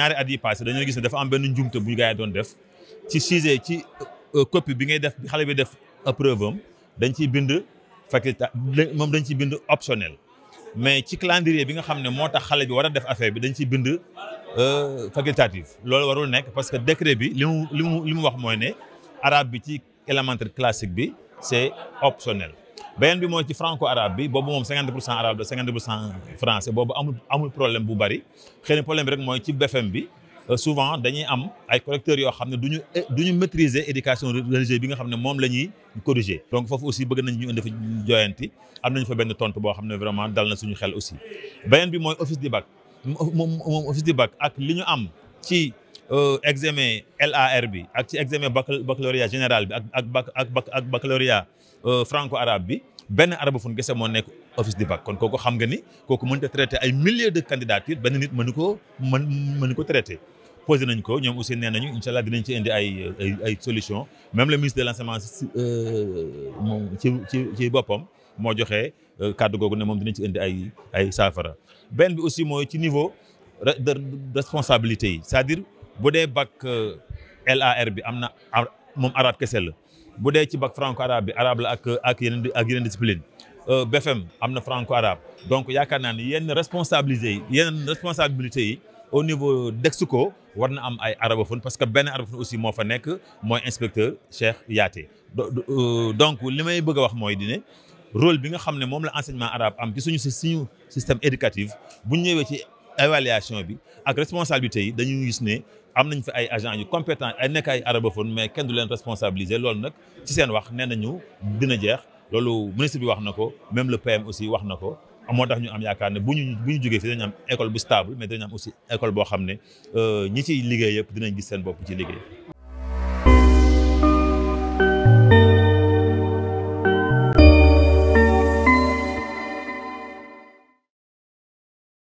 ñaari at yi passé dañoo gis ne dafa am benn njumte bu gars yi doon def ci sujet ci euh, euh, copie bi ngay def bi xale bi def preuve dañ ciy bind faculté moom dañ ciy bind optionnel mais ci calendrier bi nga xam ne moo tax xale bi war a def affaire bi dañ ciy bind euh, facultative loolu warul nekk parce que décret bi li mu li mu li mu wax mooy ne arabe bi ci élémentaire classique bi c'est optionnel beneen bi mooy ci franco arabe bi boobu moom 50% arabe 50% français boobu amul amul problème bu bari problème rek BFM bi euh, souvent dañuy am ay collecteurs yoo xam ne du éducation religieuse bi nga xam ne moom corriger. donc foofu aussi bëgg nañ ñu indi fa am nañ fa benn tontu vraiment dal na suñu aussi bi office bac office du bac ak euh, examen LAR bi ak ci examen baccalauréat général bi ak ak ak ak baccalauréat euh, franco arabe bi ben benn arabophone gese mo nek office du bac kon kooku xam nga ni kooku mën ta traiter ay milliers de candidatures ben nit mënu ko traiter mënu ko posé nañ ko ñom aussi nenañu inshallah incha allah dinañ ci indi ay ay solution même le ministre de l'enseignement euh mom ci ci boppam mo joxé cadre euh, gogou ne moom dinañ ci indi ay ay safara ben bi aussi moy ci niveau de responsabilité c'est-à-dire. Budé dee bac euh, LAR bi amna na moom arabe kese la ci bac franco arabe bi arabe la ak ak yeneen ak yeneen discipline euh, BFM amna franco arabe donc yaakaar naa ni yenn responsabilité yi responsabilité yi au niveau d'Exco warna am ay arabophone parce que ben arabophone aussi moo fa nekk inspecteur Cheikh yaté euh, donc limay bëgg wax moy dine rôle bi nga xamné mom la enseignement arabe am ci suñu système éducatif bu ñëwé ci évaluation bi ak responsabilité yi dañu gis ne am nañ fi ay agents yu compétents ay nekk ay arabophone mais kenn du leen responsabiliser loolu nag ci seen wax nee ñu dina jeex loolu ministre bi wax na ko même le PM aussi wax na ko moo tax ñu am yaakaar ne bu ñu bu ñu jógee fii dañu am école bu stable mais dañu am aussi école boo xam ne euh, ñi ciy liggéey yëpp dinañ gis seen bopp ci liggéey